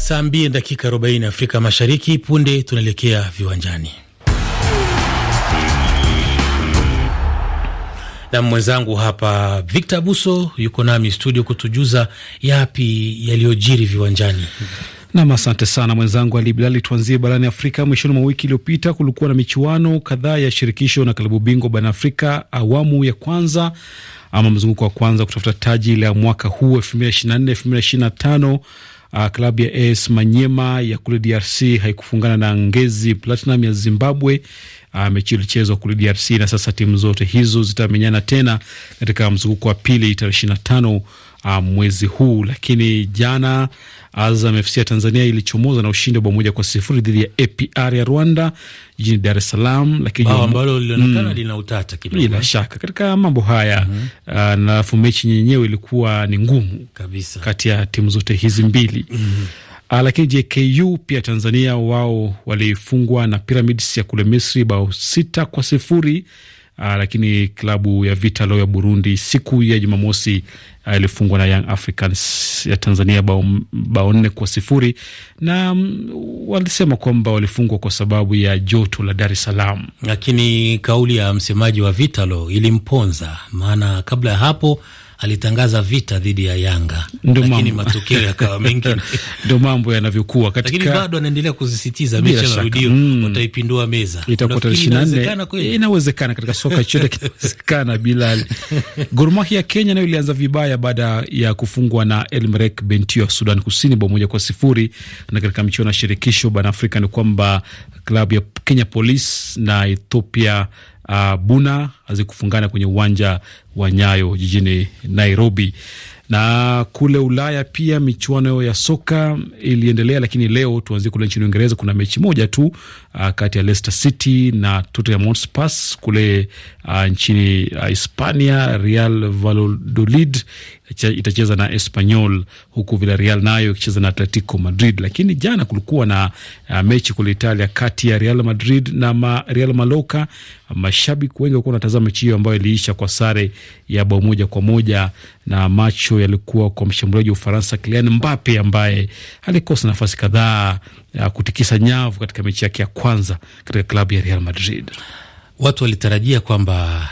Saa mbili dakika arobaini Afrika Mashariki. Punde tunaelekea viwanjani na mwenzangu hapa Victor Buso yuko nami studio kutujuza yapi yaliyojiri viwanjani. Nam, asante sana mwenzangu Ali Bilali. Tuanzie barani Afrika. Mwishoni mwa wiki iliyopita kulikuwa na michuano kadhaa ya shirikisho na klabu bingwa barani Afrika awamu ya kwanza ama mzunguko wa kwanza kutafuta taji la mwaka huu elfu mbili ishirini na nne elfu mbili ishirini na tano Uh, klabu ya AS Manyema ya kule DRC haikufungana na Ngezi Platinum ya Zimbabwe. Uh, mechi ilichezwa kule DRC na sasa timu zote hizo zitamenyana tena katika mzunguko wa pili tarehe tano uh, mwezi huu. Lakini jana Azam FC ya Tanzania ilichomoza na ushindi wa bao moja kwa sifuri dhidi ya APR ya Rwanda jijini Dar es Salaam, lakini ambalo lilionekana mm. lina utata kidogo, bila eh? shaka katika mambo haya mm -hmm. Uh, na alafu mechi yenyewe ilikuwa ni ngumu kabisa kati ya timu zote hizi mbili mm -hmm. Uh, lakini JKU pia Tanzania wao walifungwa na Pyramids ya kule Misri bao sita kwa sifuri. Uh, lakini klabu ya Vita Lo ya Burundi siku ya Jumamosi alifungwa na Young Africans ya Tanzania bao, bao nne kwa sifuri na um, walisema kwamba walifungwa kwa sababu ya joto la Dar es Salaam, lakini kauli ya msemaji wa Vitalo ilimponza maana kabla ya hapo alitangaza vita dhidi ya Yanga, lakini matokeo yakawa mengi. Ndio mambo yanavyokuwa katika, lakini bado anaendelea kuzisitiza mechi ya marudio mm, wataipindua meza, itakuwa tarehe ishirini na nne. Inawezekana katika soka chote kinawezekana. Bilal, Gor Mahia ya Kenya nayo ilianza vibaya baada ya kufungwa na El Merreikh Bentiu ya Sudan Kusini bao moja kwa sifuri na katika mchuano wa shirikisho barani Afrika ni kwamba klabu ya Kenya Police na Ethiopia uh, Buna hazikufungana kwenye uwanja wa Nyayo jijini Nairobi. Na kule Ulaya pia michuano ya soka iliendelea, lakini leo tuanzie kule nchini Uingereza. Kuna mechi moja tu uh, kati ya Leicester City na Tottenham Hotspur. Kule uh, nchini Hispania, Real Valladolid itacheza na Espanyol, huku Villarreal nayo ikicheza na Atletico Madrid. Lakini jana kulikuwa na uh, mechi kule Italia kati ya Real Madrid na ma, Real Mallorca. Mashabiki wengi walikuwa wanatazama mechi hiyo ambayo iliisha kwa sare ya bao moja kwa moja, na macho yalikuwa kwa mshambuliaji wa Ufaransa Kylian Mbappe ambaye alikosa nafasi kadhaa ya uh, kutikisa nyavu katika mechi yake ya kwanza katika klabu ya Real Madrid. Watu walitarajia kwamba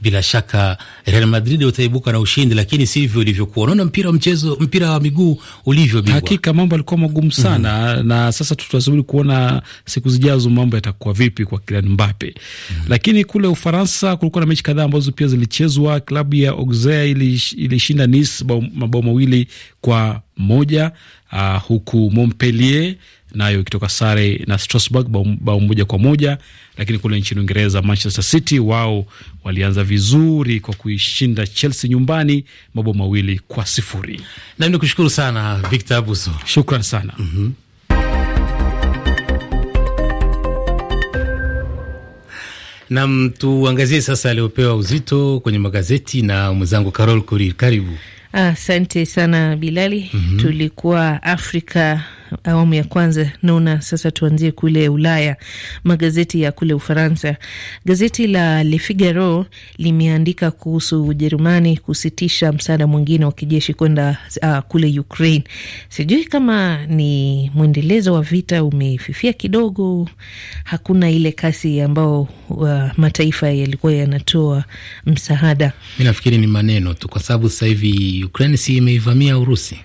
bila shaka Real Madrid utaibuka na ushindi, lakini si hivyo ilivyokuwa. Unaona mpira mchezo, mpira wa miguu ulivyo bingwa. Hakika mambo yalikuwa magumu mhm. sana mm -hmm. na sasa tutasubiri kuona siku zijazo mambo yatakuwa vipi kwa Kylian Mbappe mm -hmm. lakini kule Ufaransa kulikuwa na mechi kadhaa ambazo pia zilichezwa. Klabu ya Auxerre ilishinda Nice mabao mawili kwa moja uh, huku Montpellier nayo ikitoka sare na Strasbourg bao moja kwa moja. Lakini kule nchini Uingereza, Manchester City wao walianza vizuri kwa kuishinda Chelsea nyumbani mabao mawili kwa sifuri. Nami ni kushukuru sana Victor Abuso, shukran sana mm -hmm. Nam, tuangazie sasa aliopewa uzito kwenye magazeti na mwenzangu Carol Kurir, karibu. Asante ah, sana Bilali. mm -hmm. Tulikuwa Afrika awamu ya kwanza. Naona sasa tuanzie kule Ulaya, magazeti ya kule Ufaransa. Gazeti la Le Figaro limeandika kuhusu Ujerumani kusitisha msaada mwingine wa kijeshi kwenda uh, kule Ukraine. Sijui kama ni mwendelezo wa vita umefifia kidogo, hakuna ile kasi ambao uh, mataifa yalikuwa yanatoa msaada. Mi nafikiri ni maneno tu, kwa sababu sasa hivi Ukraine si imeivamia Urusi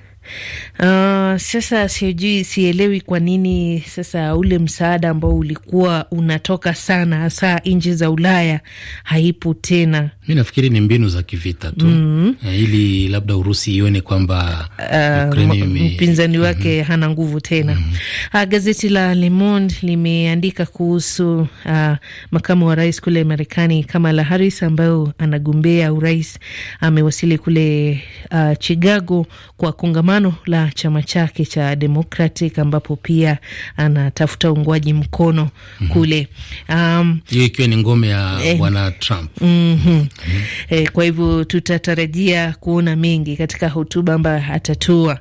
Uh, sasa sijui, sielewi kwa nini sasa ule msaada ambao ulikuwa unatoka sana hasa nchi za Ulaya haipo tena. Mi nafikiri ni mbinu za kivita tu mm -hmm. ili labda Urusi ione kwamba uh, mpinzani wake mm -hmm. hana nguvu tena mm -hmm. uh, gazeti la Le Monde limeandika kuhusu uh, makamu wa rais kule Marekani Kamala Harris ambayo anagombea urais amewasili kule uh, Chicago kwa kongamano kongamano la chama chake cha Democratic ambapo pia anatafuta uungwaji mkono mm -hmm. kule um, hiyo ikiwa ni ngome ya eh, bwana eh, Trump mm -hmm. Mm -hmm. Eh, kwa hivyo tutatarajia kuona mengi katika hotuba ambayo atatoa.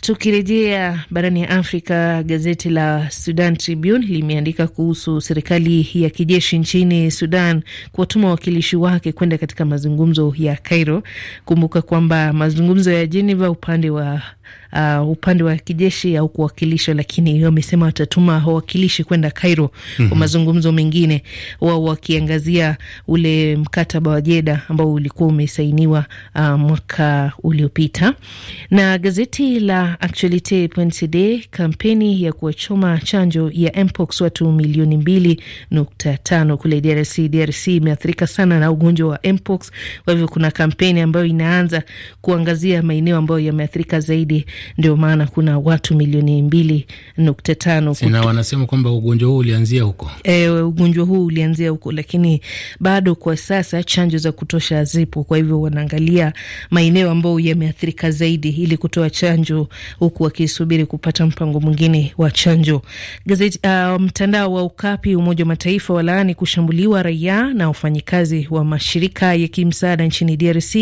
Tukirejea barani ya Afrika, gazeti la Sudan Tribune limeandika kuhusu serikali ya kijeshi nchini Sudan kuwatuma wawakilishi wake kwenda katika mazungumzo ya Cairo. Kumbuka kwamba mazungumzo ya Geneva upande wa uh, upande wa kijeshi au kuwakilisha, lakini wamesema watatuma wawakilishi kwenda Cairo mm -hmm. kwa mhm. mazungumzo mengine, wao wakiangazia ule mkataba wa Jeda ambao ulikuwa umesainiwa uh, mwaka uliopita. Na gazeti la Actualite.cd, kampeni ya kuwachoma chanjo ya mpox watu milioni mbili nukta tano kule DRC. DRC imeathirika sana na ugonjwa wa mpox, kwa hivyo kuna kampeni ambayo inaanza kuangazia maeneo ambayo yameathirika zaidi ndio maana kuna watu milioni mbili nukta tano na wanasema kwamba ugonjwa huu ulianzia huko. E, ugonjwa huu ulianzia huko, lakini bado kwa sasa chanjo za kutosha zipo. Kwa hivyo wanaangalia maeneo ambayo yameathirika zaidi ili kutoa chanjo, huku wakisubiri kupata mpango mwingine wa chanjo. Gazeti uh, mtandao wa Ukapi, Umoja wa Mataifa walaani kushambuliwa raia na wafanyikazi wa mashirika ya kimsaada nchini DRC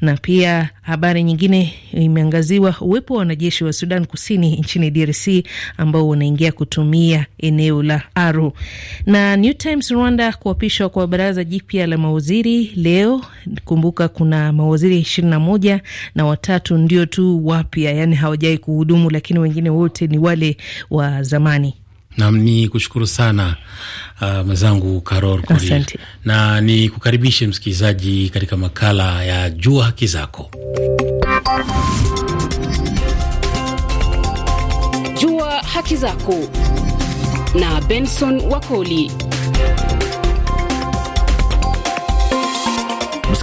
na pia habari nyingine imeangaziwa uwepo wa wanajeshi wa Sudan Kusini nchini DRC ambao wanaingia kutumia eneo la Aru. Na New Times Rwanda kuapishwa kwa baraza jipya la mawaziri leo. Kumbuka kuna mawaziri ishirini na moja na watatu ndio tu wapya, yani hawajai kuhudumu, lakini wengine wote ni wale wa zamani. Nam ni kushukuru sana uh, mwenzangu Karol Korir, na ni kukaribishe msikilizaji katika makala ya Jua Haki Zako. haki zako na Benson Wakoli.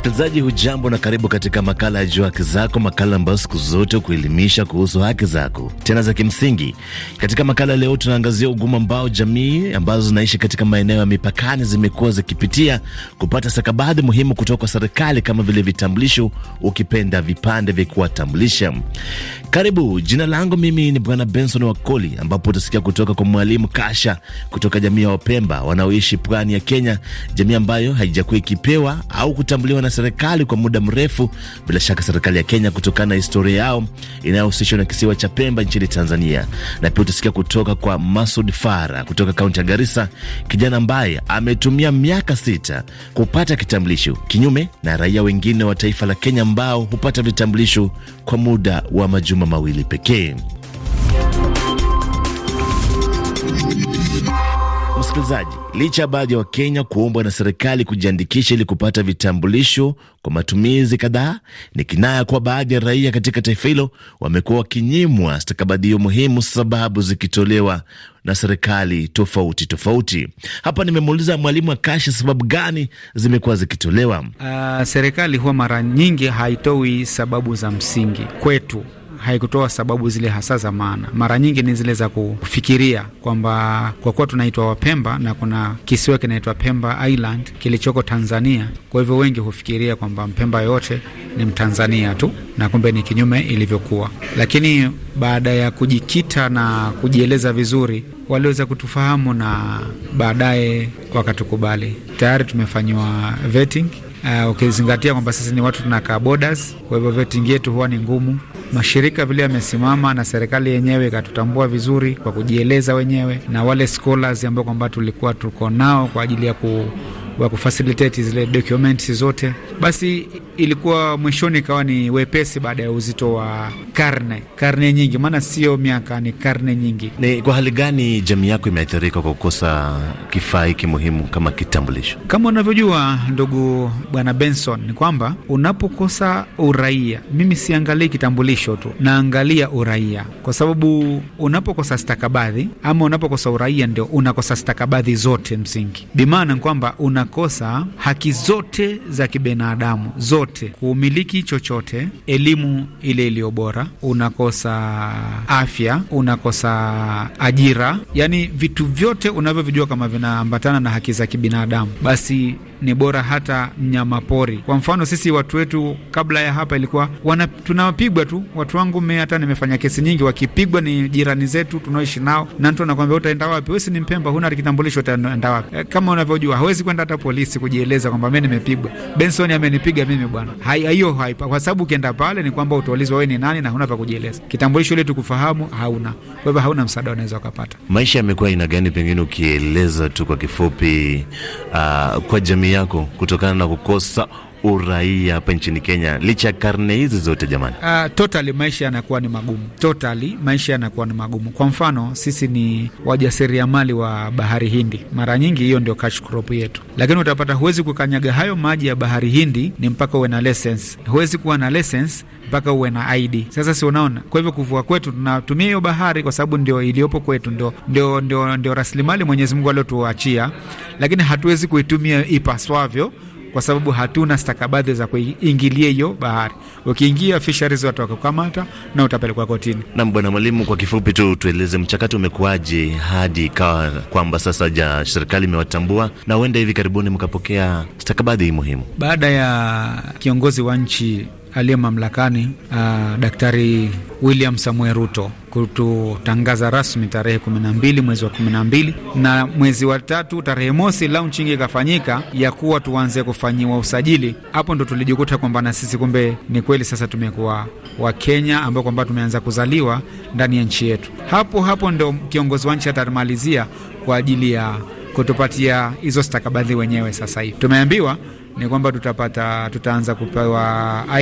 Msikilizaji hujambo na karibu katika makala ya Jua Haki Zako, makala ambayo siku zote kuelimisha kuhusu haki zako tena za kimsingi. Katika makala leo, tunaangazia ugumu ambao jamii ambazo zinaishi katika maeneo ya mipakani zimekuwa zikipitia kupata stakabadhi muhimu kutoka kwa serikali kama vile vitambulisho, ukipenda vipande vya kuwatambulisha. Karibu, jina langu mimi ni Bwana Benson Wakoli, ambapo utasikia kutoka kwa Mwalimu Kasha kutoka jamii ya Wapemba wanaoishi pwani ya Kenya, jamii ambayo haijakuwa ikipewa au kutambuliwa na serikali kwa muda mrefu, bila shaka serikali ya Kenya kutokana na historia yao inayohusishwa na kisiwa cha Pemba nchini Tanzania. Na pia utasikia kutoka kwa Masud Fara kutoka kaunti ya Garissa, kijana ambaye ametumia miaka sita kupata kitambulisho, kinyume na raia wengine wa taifa la Kenya ambao hupata vitambulisho kwa muda wa majuma mawili pekee. Msikilizaji, licha ya baadhi ya Wakenya kuombwa na serikali kujiandikisha ili kupata vitambulisho kwa matumizi kadhaa, ni kinaya kuwa baadhi ya raia katika taifa hilo wamekuwa wakinyimwa stakabadhi hiyo muhimu, sababu zikitolewa na serikali tofauti tofauti. Hapa nimemuuliza mwalimu wa Kashi sababu gani zimekuwa zikitolewa. Uh, serikali huwa mara nyingi haitoi sababu za msingi kwetu haikutoa sababu zile hasa za maana. Mara nyingi ni zile za kufikiria kwamba kwa kuwa tunaitwa Wapemba na kuna kisiwa kinaitwa Pemba Island kilichoko Tanzania, kwa hivyo wengi hufikiria kwamba Mpemba yote ni Mtanzania tu, na kumbe ni kinyume ilivyokuwa. Lakini baada ya kujikita na kujieleza vizuri, waliweza kutufahamu na baadaye wakatukubali. Tayari tumefanyiwa vetting uh, ukizingatia uh, okay, kwamba sisi ni watu tunakaa borders, kwa hivyo vetting yetu huwa ni ngumu mashirika vile yamesimama na serikali yenyewe ikatutambua vizuri kwa kujieleza wenyewe, na wale scholars ambao kwamba tulikuwa tuko nao kwa ajili ya ku, wa kufacilitate zile documents zote, basi ilikuwa mwishoni ikawa ni wepesi baada ya uzito wa karne karne nyingi, maana sio miaka, ni karne nyingi. Ni kwa hali gani jamii yako imeathirika kwa kukosa kifaa hiki muhimu kama kitambulisho? Kama unavyojua ndugu bwana Benson, ni kwamba unapokosa uraia, mimi siangalii kitambulisho tu, naangalia uraia, kwa sababu unapokosa stakabadhi ama unapokosa uraia, ndio unakosa stakabadhi zote msingi, bimaana kwamba unakosa haki zote za kibinadamu zote chochote, kumiliki chochote, elimu ile iliyo bora, unakosa afya, unakosa ajira, yaani vitu vyote unavyovijua kama vinaambatana na haki za kibinadamu, basi ni bora hata mnyama pori. Kwa mfano sisi watu wetu kabla ya hapa ilikuwa tunapigwa tu. Watu wangu mimi hata nimefanya kesi nyingi, wakipigwa ni jirani zetu tunaoishi nao, na mtu anakwambia utaenda wapi? Wewe si ni Mpemba, huna kitambulisho, utaenda wapi? Eh, kama unavyojua hawezi kwenda hata polisi kujieleza kwamba mimi nimepigwa, Benson amenipiga mimi bwana bwana. Hiyo haipa kwa sababu ukienda pale ni kwamba utaulizwa wewe ni nani na huna pa kujieleza. Kitambulisho ile tukufahamu hauna. Kwa hivyo hauna msaada unaweza ukapata. Maisha yamekuwa aina gani pengine ukieleza tu kwa kifupi, uh, kwa jamii yako kutokana na kukosa uraia hapa nchini Kenya licha ya karne hizi zote jamani? Uh, totally maisha yanakuwa ni magumu, totally maisha yanakuwa ni magumu. Kwa mfano sisi ni wajasiriamali wa bahari Hindi, mara nyingi hiyo ndio cash crop yetu, lakini utapata huwezi kukanyaga hayo maji ya bahari Hindi, ni mpaka uwe na license. Huwezi kuwa na license mpaka uwe na ID. Sasa si unaona? Kwa hivyo kuvua kwetu tunatumia hiyo bahari kwa sababu ndio iliyopo kwetu, ndio, ndio, ndio, ndio rasilimali Mwenyezi Mungu aliotuachia, lakini hatuwezi kuitumia ipaswavyo kwa sababu hatuna stakabadhi za kuingilia hiyo bahari. Ukiingia fisheries watakukamata na utapelekwa kotini. nam bwana mwalimu, kwa kifupi tu tueleze mchakato umekuwaje hadi ikawa kwamba sasa ja serikali imewatambua na huenda hivi karibuni mkapokea stakabadhi hii muhimu, baada ya kiongozi wa nchi aliye mamlakani, uh, Daktari William Samuel Ruto kututangaza rasmi tarehe 12 mwezi wa 12, na mwezi wa tatu tarehe mosi launching ikafanyika ya kuwa tuanze kufanyiwa usajili. Hapo ndo tulijikuta kwamba na sisi kumbe ni kweli sasa tumekuwa Wakenya ambao kwamba tumeanza kuzaliwa ndani ya nchi yetu. Hapo hapo ndo kiongozi wa nchi atamalizia kwa ajili ya kutupatia hizo stakabadhi wenyewe. Sasa hivi tumeambiwa ni kwamba tutapata, tutaanza kupewa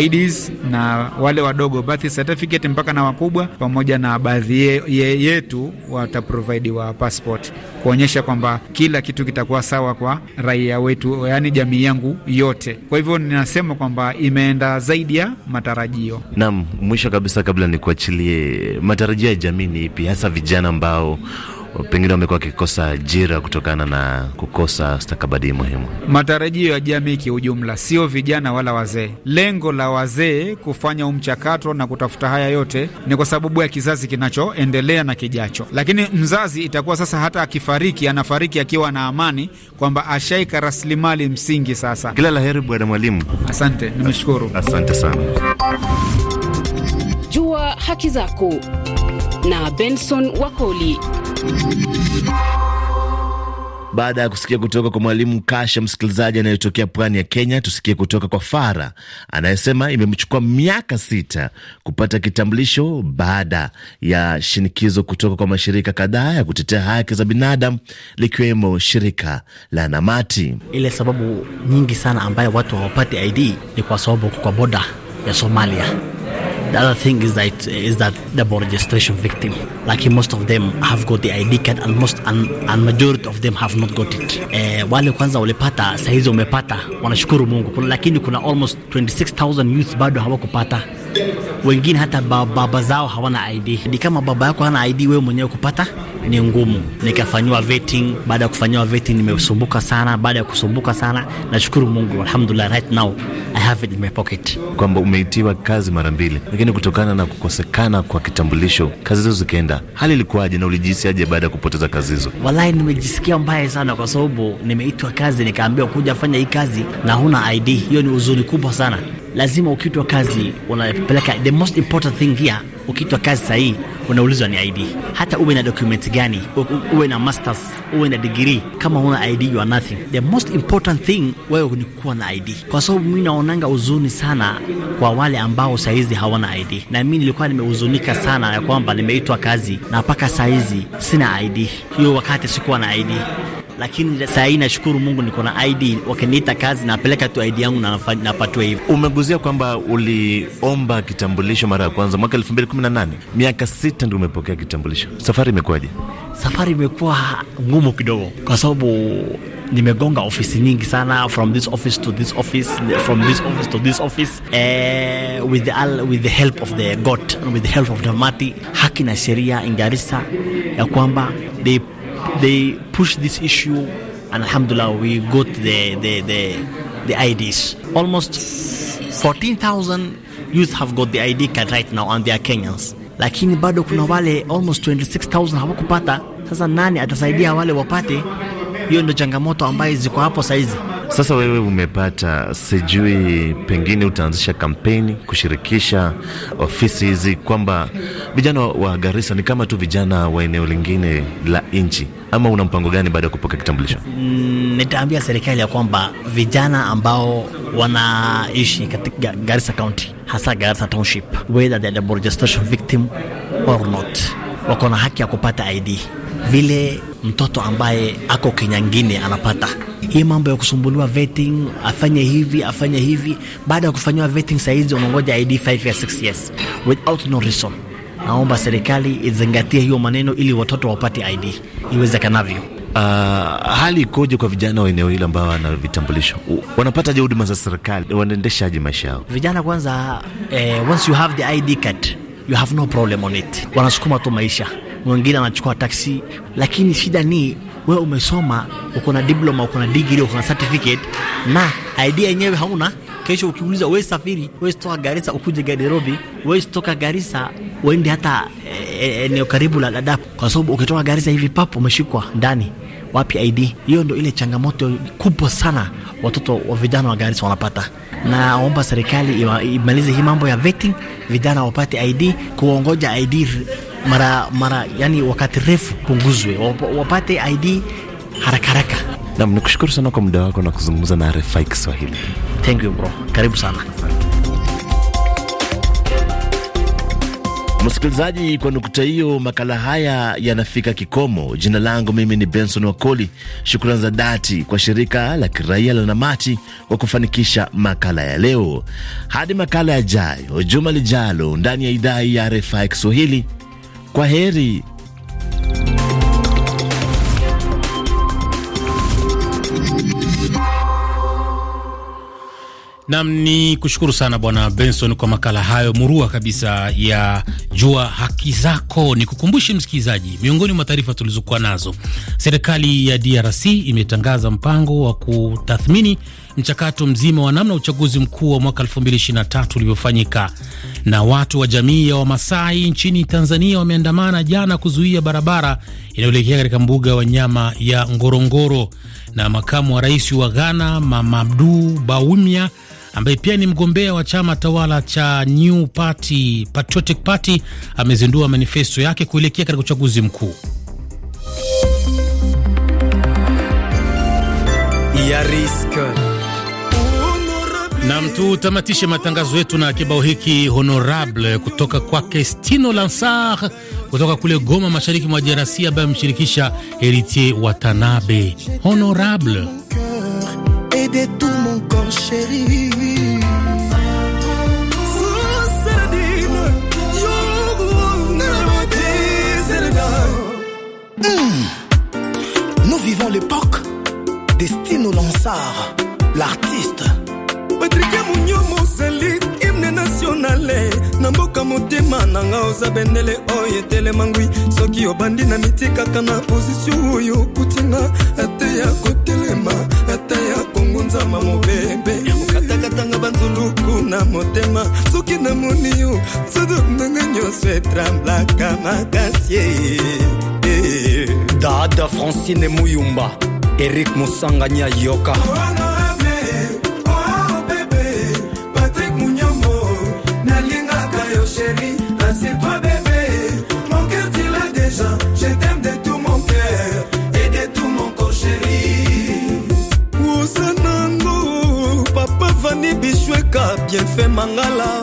IDs na wale wadogo birth certificate mpaka na wakubwa, pamoja na baadhi ye, ye, yetu wataprovidiwa passport kuonyesha kwamba kila kitu kitakuwa sawa kwa raia wetu, yaani jamii yangu yote. Kwa hivyo ninasema kwamba imeenda zaidi ya matarajio. Naam, mwisho kabisa, kabla nikuachilie, matarajio ya jamii ni ipi hasa vijana ambao pengine wamekuwa wakikosa ajira kutokana na kukosa stakabadhi muhimu. Matarajio ya jamii kiujumla, sio vijana wala wazee. Lengo la wazee kufanya umchakato na kutafuta haya yote ni kwa sababu ya kizazi kinachoendelea na kijacho, lakini mzazi itakuwa sasa, hata akifariki, anafariki akiwa na amani kwamba ashaika rasilimali msingi. Sasa kila la heri, bwana mwalimu. Asante, nimeshukuru. Asante sana. Jua haki zako na Benson Wakoli. Baada ya kusikia kutoka kwa mwalimu Kasha, msikilizaji anayetokea pwani ya Kenya, tusikie kutoka kwa Fara anayesema imemchukua miaka sita kupata kitambulisho baada ya shinikizo kutoka kwa mashirika kadhaa ya kutetea haki za binadamu likiwemo shirika la Namati. Ile sababu nyingi sana ambayo watu hawapati ID ni kwa sababu kwa boda ya Somalia The other thing is that is that double registration victim, like most of them have got the ID card and most and, and majority of them have not got it. Eh, wale kwanza walipata, sahizi hizi wamepata, wanashukuru Mungu. Kuna, lakini kuna almost 26000 youth bado hawakupata wengine hata baba zao hawana ID. Ni kama baba yako hana ID, wewe mwenyewe kupata ni ngumu. Nikafanyiwa vetting, baada ya kufanyiwa vetting nimesumbuka sana, baada ya kusumbuka sana nashukuru Mungu, alhamdulillah right now I have it in my pocket. Kwamba umeitiwa kazi mara mbili, lakini kutokana na kukosekana kwa kitambulisho kazi hizo zikaenda. Hali ilikuwaje na ulijisikiaje baada ya kupoteza kazi hizo? Wallahi, nimejisikia mbaya sana kwa sababu nimeitwa kazi nikaambiwa kuja fanya hii kazi na huna ID. Hiyo ni uzuri kubwa sana lazima ukiitwa kazi unapeleka. The most important thing here, ukiitwa kazi sahii unaulizwa ni ID, hata uwe na document gani, uwe na masters, uwe na degree, kama una ID you are nothing. The most important thing wewe ni kuwa na ID, kwa sababu mimi naonanga uzuni sana kwa wale ambao saizi hawana ID, na mimi nilikuwa nimehuzunika sana ya kwamba nimeitwa kazi na mpaka saizi sina ID. Hiyo wakati sikuwa na ID lakini saa hii nashukuru Mungu niko na ID, wakiniita kazi napeleka tu ID yangu na napatwa hivyo. Umeguzia kwamba uliomba kitambulisho mara ya kwanza mwaka 2018, miaka sita ndio umepokea kitambulisho. Safari imekuwaje? Safari imekuwa ngumu kidogo kwa sababu nimegonga ofisi nyingi sana, from this office to this office, from this office to this office, uh, with the with the help of the God, with the help of the mati haki na sheria ingarisa ya kwamba they they push this issue and alhamdulillah we got the, the, the, the IDs. Almost 14,000 youth have got the ID card right now and they are Kenyans, lakini bado kuna wale almost 26,000 hawakupata. Sasa nani atasaidia wale wapate? Hiyo ndio changamoto ambayo ziko hapo saizi. Sasa wewe umepata, sijui pengine utaanzisha kampeni kushirikisha ofisi hizi kwamba vijana wa Garissa ni kama tu vijana wa eneo lingine la nchi, ama una mpango gani baada ya kupokea kitambulisho? Mm, nitaambia serikali ya kwamba vijana ambao wanaishi katika Garissa County, hasa Garissa Township, whether they are registration victim or not, wako na haki ya kupata ID vile mtoto ambaye ako Kenya ngine anapata hii mambo ya kusumbuliwa vetting, afanye hivi afanye hivi. Baada ya kufanyiwa vetting, sahizi unangoja ID 5 ya 6 years without no reason. Naomba serikali izingatie hiyo maneno ili watoto wapate ID iwezekanavyo. Uh, hali ikoje kwa vijana wa eneo hili ambao wana vitambulisho? je huduma za serikali? Wanaendeshaje maisha yao vijana? Kwanza eh, once you have the ID card you have no problem on it, wanasukuma tu maisha wengine wanachukua taksi. Lakini shida ni wewe umesoma, uko na diploma, uko na degree, uko na certificate na idea yenyewe hauna. Kesho ukiuliza wewe safiri, wewe toka Garissa ukuje Nairobi, wewe toka Garissa uende hata eh, eh, eneo e, karibu la Dadaab, kwa sababu ukitoka Garissa hivi papo umeshikwa ndani wapi ID? Hiyo ndio ile changamoto kubwa sana watoto wa vijana wa Garissa wanapata. Naomba serikali imalize hii mambo ya vetting, vijana wapate ID, kuongoja ID mara mara, yani wakati refu punguzwe, wapate ID haraka haraka. Nam, nikushukuru sana kwa muda wako na kuzungumza na RFI Kiswahili. Thank you bro, karibu sana. Msikilizaji, kwa nukta hiyo, makala haya yanafika kikomo. Jina langu mimi ni Benson Wakoli. Shukrani za dhati kwa shirika la kiraia la Namati kwa kufanikisha makala ya leo. Hadi makala yajayo juma lijalo, ndani ya idhaa ya RFI Kiswahili. Kwa heri. Nam ni kushukuru sana Bwana Benson kwa makala hayo murua kabisa ya Jua Haki Zako. Ni kukumbushe msikilizaji, miongoni mwa taarifa tulizokuwa nazo, serikali ya DRC imetangaza mpango wa kutathmini mchakato mzima wa namna uchaguzi mkuu wa mwaka 2023 ulivyofanyika. Na watu wa jamii ya Wamasai nchini Tanzania wameandamana jana kuzuia barabara inayoelekea katika mbuga ya wanyama ya Ngorongoro. Na makamu wa rais wa Ghana Mamadu Bawumia ambaye pia ni mgombea wa chama tawala cha New Party, Patriotic Party amezindua manifesto yake kuelekea katika uchaguzi mkuu. ya risk Nam, tutamatishe matangazo yetu na kibao hiki honorable kutoka kwake Stino Lansar kutoka kule Goma, mashariki mwa DRC, ambaye amshirikisha Heritier Watanabe. Honorable hmm. Nous vivons l'époque de Stino Lansar, l'artiste na mboka motema na nga oza bendele oyo soki obandi na na pozisio oyo okutinga ata ya kotelema ata ya mobebe okatakatanga banzuluku na motema soki namoni yo nanga nyonso etramblaka makasi dada francine muyumba erik mosanganya yoka oh, bienfait mangala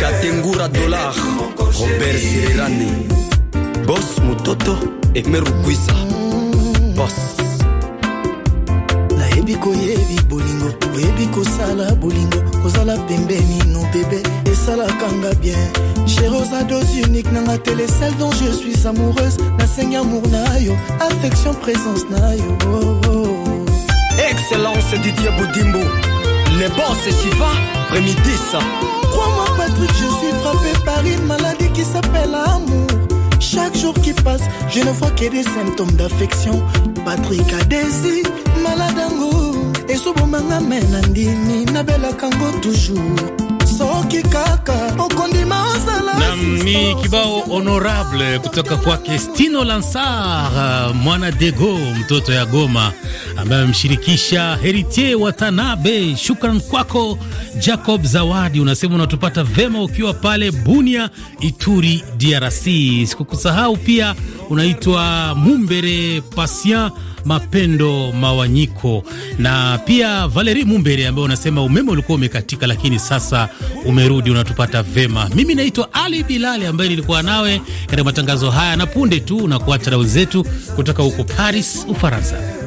katengura dolar robert sirerani bos mototo emerukwisa oyebi koyebi bolingo oyebi kosala bolingo pembeni no bien chéros à unique nanga tele celle dont je suis amoureuse nasengi amour na yo affection présence na yo oh, oh. excellence didier boudimbo le boss chiva crois-moi patrick je suis frappé par une maladie qui s'appelle amour chaque jour qui passe, je ne vois que des symptômes d'affection. Patrick a malade en esobomanga me na toujours soki kaka okondima kibao honorable kutoka kwake Stino Lansar, mwana dego mtoto ya Goma, ambaye amemshirikisha Heritier Watanabe. Shukran kwako Jacob Zawadi, unasema unatupata vema ukiwa pale Bunia, Ituri, DRC. Sikukusahau pia, unaitwa Mumbere Patient Mapendo Mawanyiko na pia Valeri Mumbere ambaye unasema umeme ulikuwa umekatika, lakini sasa umerudi, unatupata vema. Mimi naitwa Ali Bilali ambaye nilikuwa nawe katika matangazo haya, na punde tu na kuacha na wenzetu kutoka huko Paris, Ufaransa.